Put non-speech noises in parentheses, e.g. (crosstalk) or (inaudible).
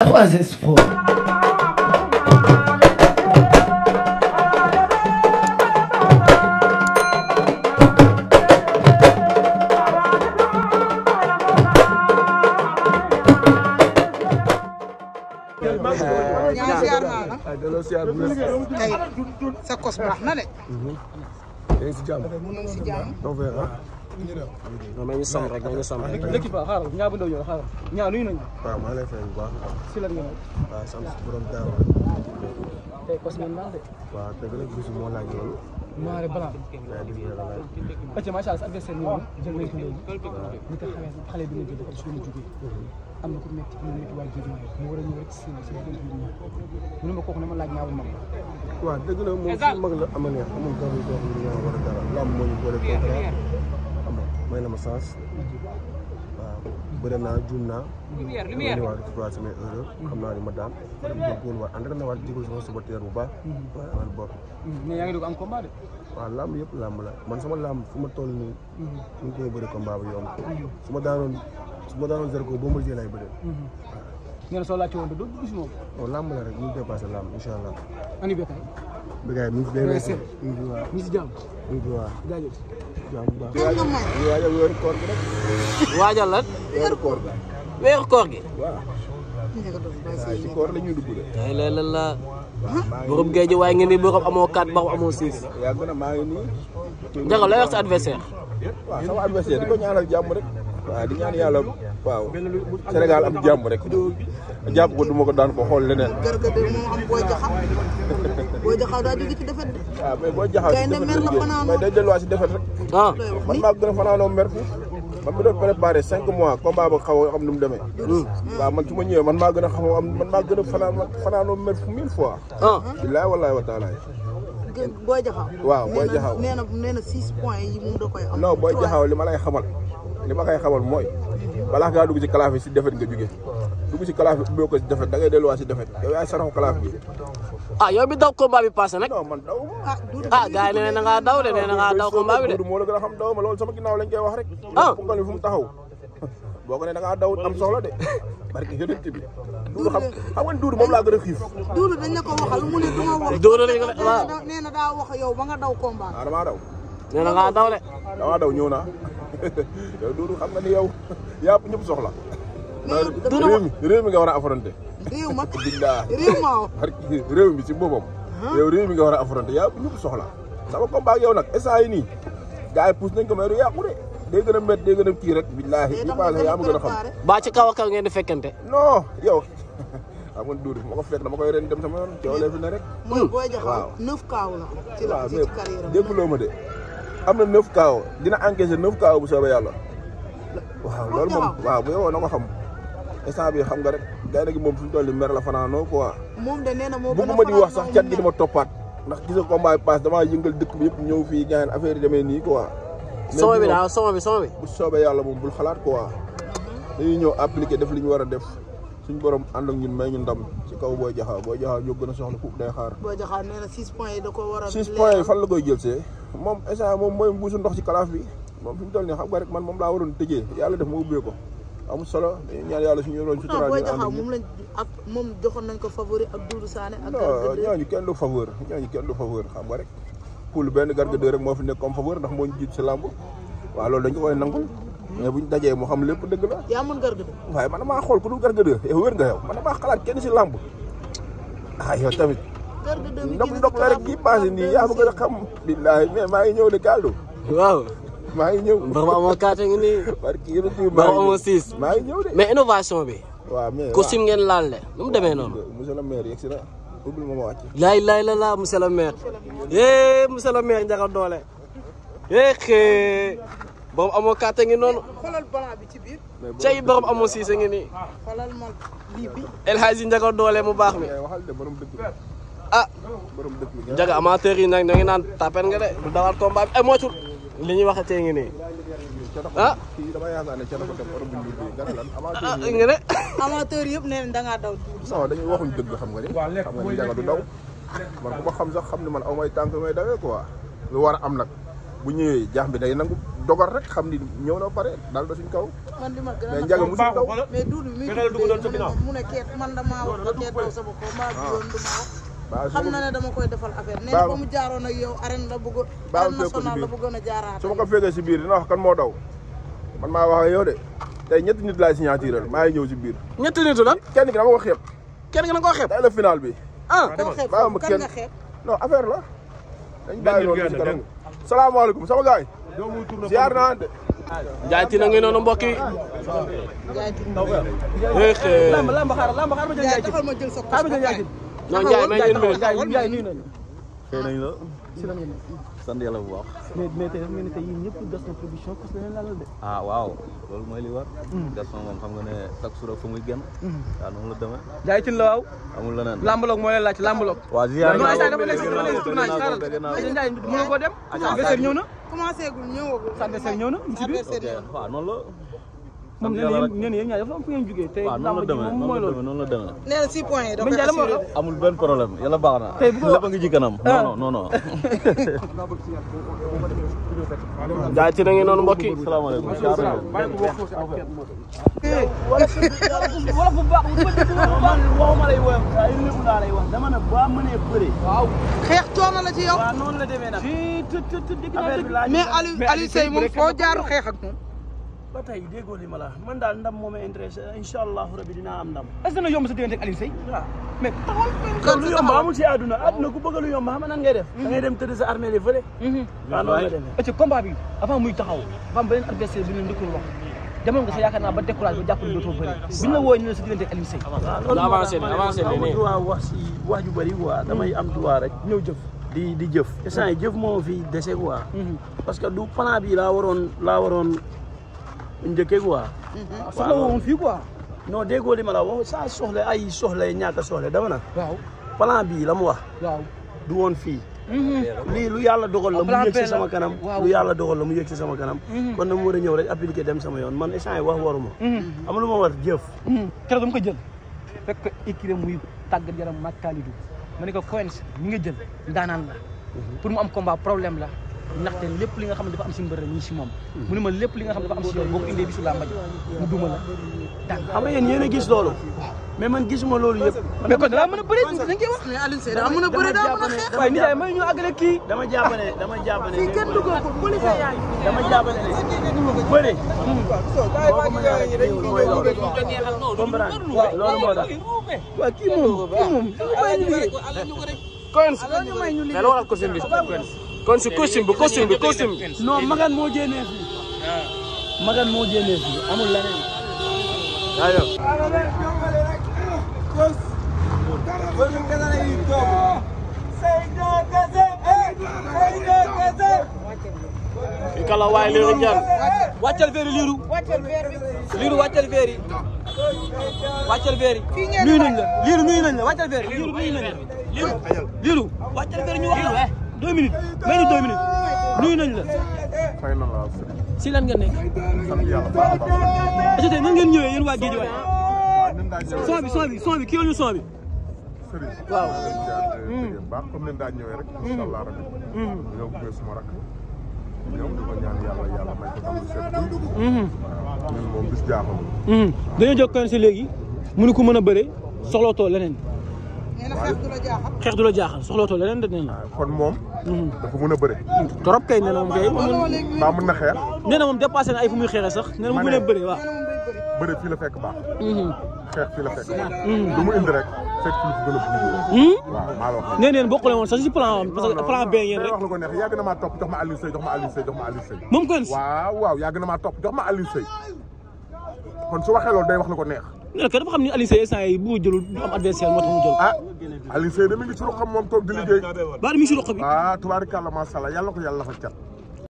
That was his fault. Sa kos baax na de. Yaa ngi si jàmm. Yaa ngi si jàmm. non ba xaaral ñaa bu ndaw xaaral ñaa nuyu nañu. waaw maa lay fay bu baax. si lan nga nekk. waaw borom daaw. tey kos ngeen naan sa adversaire ñoom jël nañ ko léegi. ñu tax xale bi nga jógee ak suñu jógee. am na ku nekk ku mu war a mu kooku ne ma laaj ñaawul mag la. waaw dëgg la moom suñu mag la amalee amul gàllankoor ñu war a dara lamb moo ñu boole contrat may na ma sens waaw bëri naa juum naa. lumière lumière li ma ñëwaat trois semaines heure xam naa ne ma daan. dama góorgóorlu waat entraîné waat jégalu sama supporter bu baax. Mhm. waaw man mhm. yëpp làmb la man sama làmb fu ma toll nii. Mhm. ñu ngi koy bëri combat bu yomb. su ma daanoon su ma daanoon zéro boo ma jëlee lay bëri. waaw. ñu ne soo laajte woon doo gis moom. non làmb la rek ñu ngi dépassé làmb incha allah. ani béykat Bikaay mi ngi si waaw mi ngi si waaw. mi ngi si jàmm mi ngi si waaw. jaajëf jàmm bu baax. waajal weeru koor gi rek. waajal lan. weeru koor gi. weeru koor gi. waaw. waaw ci koor la ñuy dugg de. waaye leneen la. borom géej waaye ngeen ni borom amoo 4 ba amoo 6. yaa ngi maa ngi nii. Ndiago lay wax sa adversaire. waaw sama adversaire di ko ñaanal jàmm rek. waaw di ñaan yàlla. waaw Sénégal am jàmm rek jàpp ko du ma ko daan ko xool leneen. kër ga de moo am booy jaxaw booy jaxaw daa jóge ci de. waaw ah, mais si defet ah. man maa gën a fanaanoo mer fu man mi a préparé cinq mois combat ba xaw a xam nu mu demee. Hmm. waaw man su ma ñëwee man maa gën a xaw am man maa gën a fanaan fanaanoo mer fu mille fois. ah billaay wallaay wa taalaay. booy waaw booy jaxaw nee na nee na six points yi moom da li ma lay xamal li ma koy xamal mooy. balaa ngaa dugg ci kalaaf bi si defet nga jóge dugg si kalaaf bi ubbee ko si defet da ngay si defet yow yaay saraxu kalaaf ah yow bi daw combat bi passé ah, ah gars yi nee na ngaa daw de nee na ngaa daw combat bi de moo la gën a xam daw ma loolu sama ginnaaw lañ koy wax ah. nga moom la ko waxal mu ma wax duuru ko waaw nee na daa wax yow ba nga daw combat ah, na (laughs) yow Doudou xam nga ni yow (laughs) yàpp ñëpp soxla. réew mi réew mi nga war a affronter. réew ma réew ma (laughs) réew mi ci boppam. yow réew mi nga war a affronter yàpp ñëpp soxla. sama combat ak yow nag instant yi nii gars yi pousse nañ ko mais du yàqu de. day gën a métti a kii rek. billaahi bii yaa ma gën a xam. ba ci kaw a kaw ngeen di fekkante. non yow xam nga Doudou ma ko fekk dama koy ren dem sama yoon coow lee fi ne rek. mooy booy jaxaw ma de. am na neuf KO dina encaissé neuf KO bu soobee yàlla. waaw loolu moom waaw bu yowoo na ko xam. instant bi xam nga rek gaynde gi moom suñu toll mer la fanaanoo quoi. moom de nee na moo bëgg ma di wax sax cat gi dama toppaat. ndax gis nga combat bi paas damaa yëngal dëkk bi yëpp ñëw fii gaañ affaire yi demee nii quoi. soma bi daal soma bu soobee yàlla moom bul xalaat quoi. Mhm. dañuy ñëw appliqué def li ñu war a def. suñu borom ànd ak ñun may ñu ndam ci kaw Boy Diakhao Boy Diakhao a soxla six points yi da ko a. six points yi fan la koy jël see moom instant moom mooy mbuusu ndox ci kalaaf bi moom fi mu toll xam nga rek man moom laa waroon tëjee yàlla def ma ubbee ko amul solo dañuy ñaan yàlla suñu yoroon. sutura bi ko favori ak Doudou Sané. ak Garga ñooñu kenn du favori ñooñu kenn du favori xam nga rek. poul benn Garga 2 rek moo fi nekk comme favori ndax moo ñu jiit si làmb waaw loolu dañ ko koy nangul mais buñ dajee moo xam lépp dëgg la. yaa mën gargade. waaye man damaa xool ku dul gargade yow wér nga yow man xalaat kenn si làmb. ah yow tamit. gargade mi ndox la rek kii passé nii yaa bëgg a xam. billaahi mais maa ngi ñëw de Kaldu. waaw. maa ngi ñëw mbax ma amoo ngi nii. a ngi maa ngi ñëw de. mais innovation bi. waa mais waaw costume ngeen laal de. nu mu demee noonu. monsieur le maire yegg si na. ubbil ma ma wàcc. laay laay la le maire. yee eh, monsieur le maire njaga doole. Eh, yee borom amoo kàtte ngi noonu. xoolal blanc bi ci biir. cay borom amoo siise ngi nii. Ah, xoolal man lii bi. El Hadji Ndiaga doole mu baax mi. Eh, ah. Ndiaga amateur yi nag da nga naan tapet nga de du dawal combat bi ay eh, moytul. li ñuy waxatee ngi nii. ah. ah nga ne. amateur yëpp nee na da ngaa daw. non dañuy waxuñ dëgg xam nga ni. xam nga ni Ndiaga du daw. man ku xam sax xam ne man aw may tànk may dawee quoi. lu war a am nag bu ñëwee jax bi day nangu. dogal rek xam ni ñëw na pare daal da suñ kaw. man li ma gën a nag baaxul kaw mais mu man damaa wax ba keet daw sama kaw maa biyoon du ma wax. xam na koy defal affaire nee na ba mu jaaroon ak yow arène la bëgg arène nationale la a si biir dina kan moo daw man maa wax ak yow de tey ñetti nit laay signatural maa ngi ñëw si biir ñetti nitu lan kenn gi dama ko xeeb kenn gi dama ko xeeb tey la final bi ah baa ma kenn non affaire la dañ bàyyi noonu salaamaaleykum sama gars ziar naa de. Ndiaye Tine a ngi noonu mbokk yi. Eh. lamb lamb xaaral lamb xaaral ma jël Ndiaye Tine ma jël sa xaaral ma jël Ndiaye Tine. non Ndiaye may une minute Ndiaye nuyu nañu. xëy nañu la. si la ngeen sant yàlla bu baax. mais mais tey mel ni tey yéen ñëpp Gaston production parce que dañu laalal de. ah waaw loolu mooy li war. Mm. Gaston moom xam nga ne chaque jour fu muy génn. waaw mm. ah, noonu la demee. Ndiaye Tine la waaw. amul leneen lambaloog moo leen laaj lambaloog. waaw ziar naa ko dama nekk si tournage xaaral. Ndiaye mënu ko dem. ñëw na. commencé gul ñëwagul. sa adversaire ñëw na mu si biir ok la. na yéen yéen ñaar dafa am fu ngeen jugee. tey làmb ji moom mooy loolu noonu la demee noonu la demee. nee na six points yi da de. amul benn problème yàlla baax na. tey bu ko lépp a ngi ci kanam. Ah. non non (laughs) jaay ci na ngeen noonu mbokk yi salaamaaleykum. wala bu baax waxuma lay woyam saa yu lépp laa lay wax dama ne ba mënee bëre. waaw xeex coono la ci yow. waaw noonu la demee nag. mais Aliou Aliou Seye moom foo jaaru xeex ak moom. ba tey déggoo li ma la man daal ndam moo ma intéressé incha allahu rabi dinaa am ndam. est ce que dina yomb sa diggante ak Alioune Seye. waaw mais taxawal lu yomb amul si àdduna àdduna ku bëgg lu yomb xam nan def. Mhm. da ngay dem tëdd sa armée li fële. Mhm. waaw noonu la demee. ci bi avant muy taxaw dafa am beneen adversaire bu ñu leen wax demoon nga sa yaakaar naa ba ne dootoo la wooyee diggante ak Alioune Seye. loolu avancé na avancé na damay am droit rek ñëw jëf di jëf instant jëf moo fi dese quoi mhm. parce njëkkee quoi. waaw mhm. ah, soxla woon fii quoi. non déggoo li ma la wax saa soxla ay soxla ñaata soxla dama na. waaw bii la mu wax. waaw du woon fii. Mhm. lii lu yàlla dogal la mu yëg si sama kanam lu yàlla dogal la mu yëg si sama kanam mhm. kon na mu war a ñëw rek appliqué dem sama yoon man échange wax waruma am lu ma war jëf keroog dama ko jël fekk écré muy tàggat yaram Maka Lidou ma ne ko Quench mi nga jël ndaanaan la pour mu am combat problème la ndaxte lépp li nga xam ne dafa am si mbër ñi si moom hmm. mu ne ma lépp li nga xam ne dafa am si yow boo ko indee bisu làmb ji mu duma la daan xam nga yéen a gis loolu mais man gisuma loolu yëpp mais kon daa a bëri dañ koy a a xeex waaye dama jàpp ne dama jàpp ne fii kenn duggoo ko police yaay dama jàpp ne bëri boo ko mënee rek teewul mooy loolu comprendre loolu moo tax waaw kii moom kii moom ñu bàyyi loolu ak ko seen bis Coins kon si costume bi costume bi costume bi. non Maguette moo génnee fii. Maguette moo génnee fii amul leneen. aywa. kii kala waaye liiru ñaan. wàccal veeri liiru. liiru wàccal veeri. wàccal veeri. nuyu nañ la liiru nuyu nañ la wàccal veeri. liiru nuyu nañ la liiru. liiru wàccal veeri ñu wax la. Eh? deux minutes may ñu deux la. fay na la si lan ngeen nekk. sant yàlla a baax. nan ngeen ñëwee yéen waa Guédiawaye. son bi son bi son bi kii ñu son bi. sëriñ waaw hmm. baax comme ni ñëwee rek hmm. incha allah rabbi ñëw gunge suma rak ñëw di ko ñaan yàlla yàlla may ko tamlu seet hmm. ñun si léegi mënu ko mën a bëre soxlootoo leneen xeex du la jaaxal soxlootoo leneen de nee na ah, kon moom mhm. dafa mën a bëre trop kay nee na moom kay baa mën na xeex nee na moom dépassé na ay fu muy xeexee sax nee na mu mën a bëre waaw bëre fii la fekk baax mhm. xeex fii la fekk mhm. lu mu indi rek fekk fii lu gën a bëri hmm? waaw maa la wax nee neen bokkule woon sax si plan am parce que plan B yéen rek wax la ko neex yàgg na maa topp jox ma Aliou Seye jox ma Aliou Seye jox ma Aliou Seye moom kon waaw waaw yàgg na maa topp jox ma Aliou Seye kon su waxee loolu day wax la ko neex ne la kat dafa xam ni Alioune Seye saa yi bu ma jëlul du am adversaire moo tax mu jël. ah Alioune Seye de mi ngi ci roxam moom toog di liggéey. baal mi ngi ci roxam bi. ah tubaarikàlla macha allah yàlla ko yàlla fa cat.